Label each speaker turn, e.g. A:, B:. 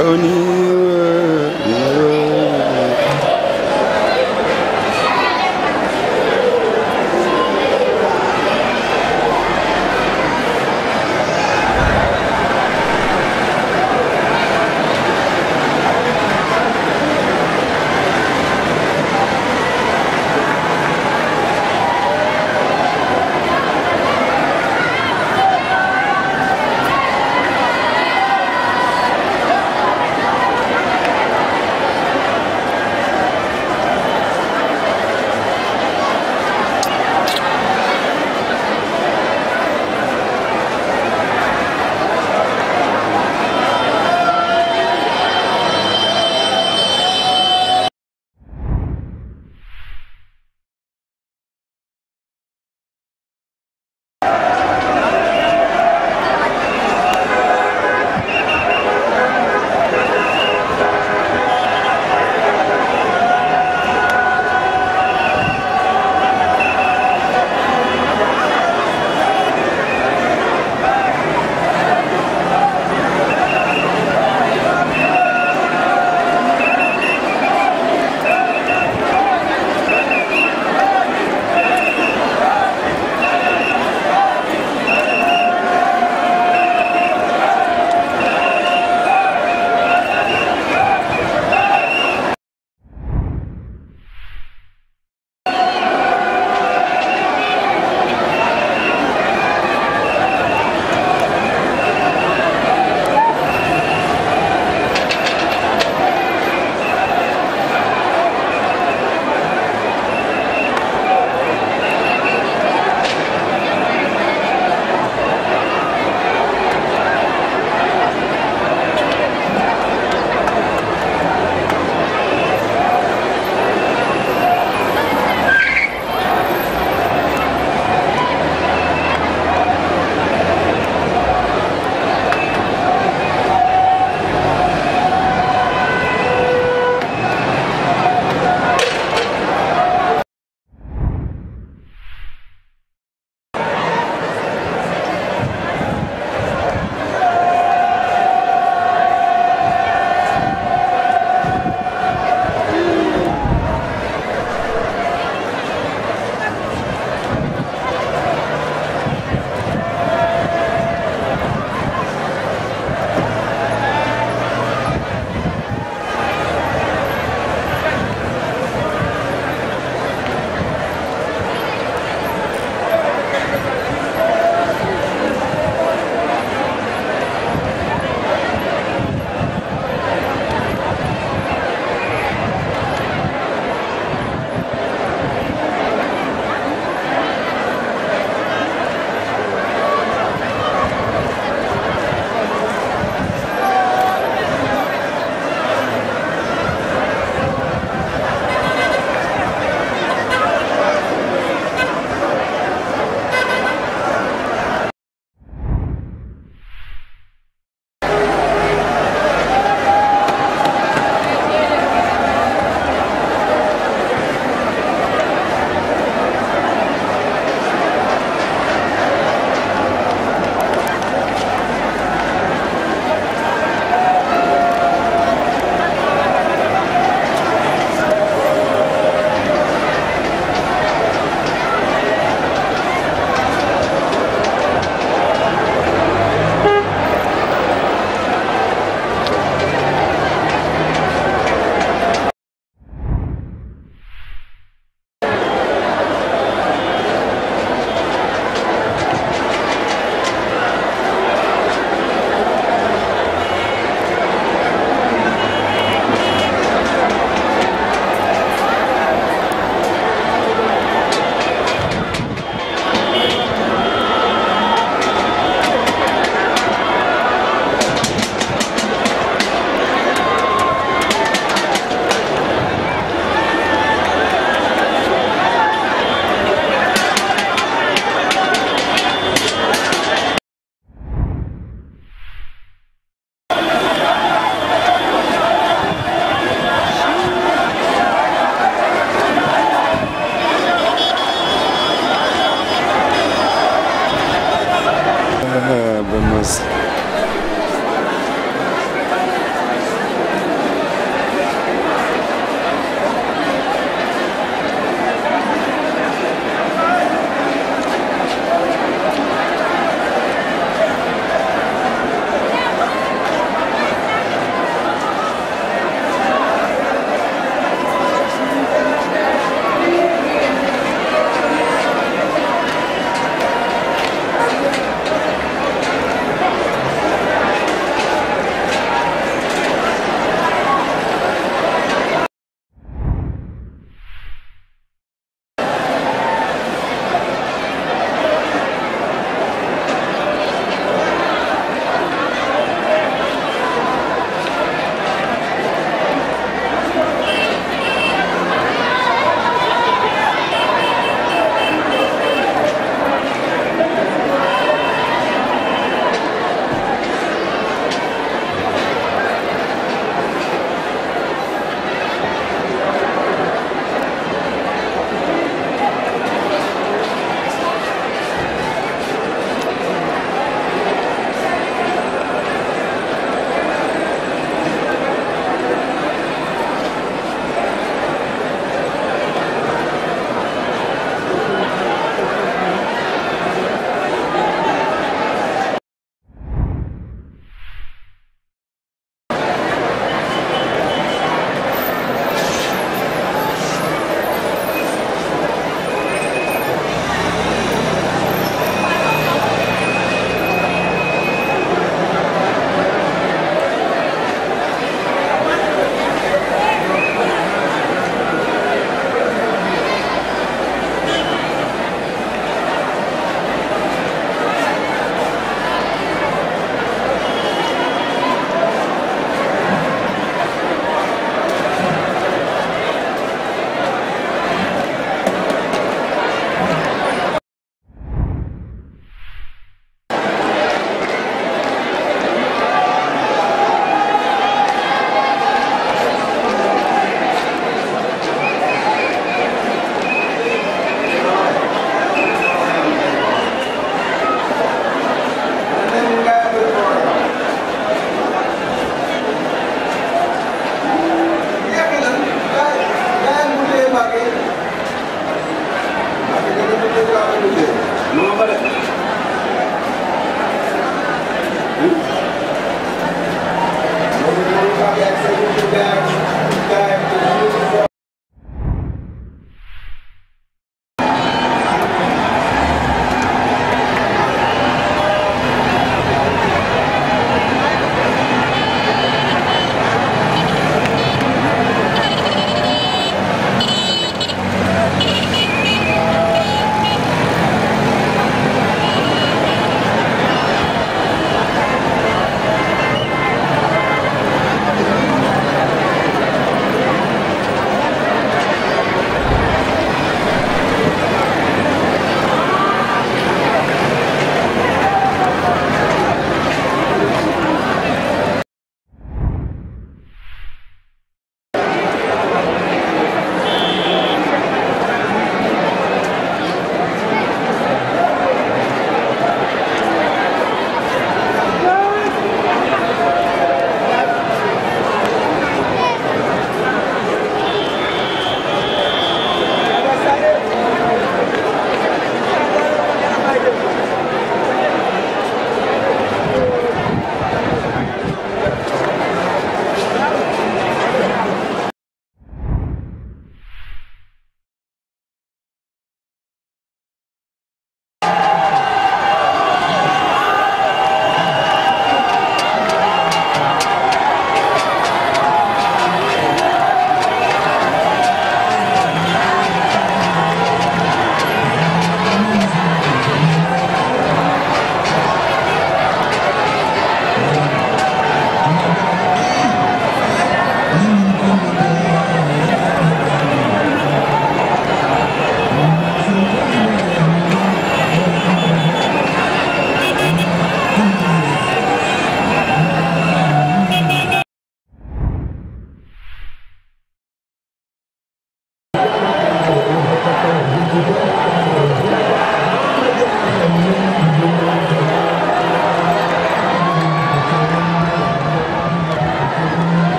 A: أنير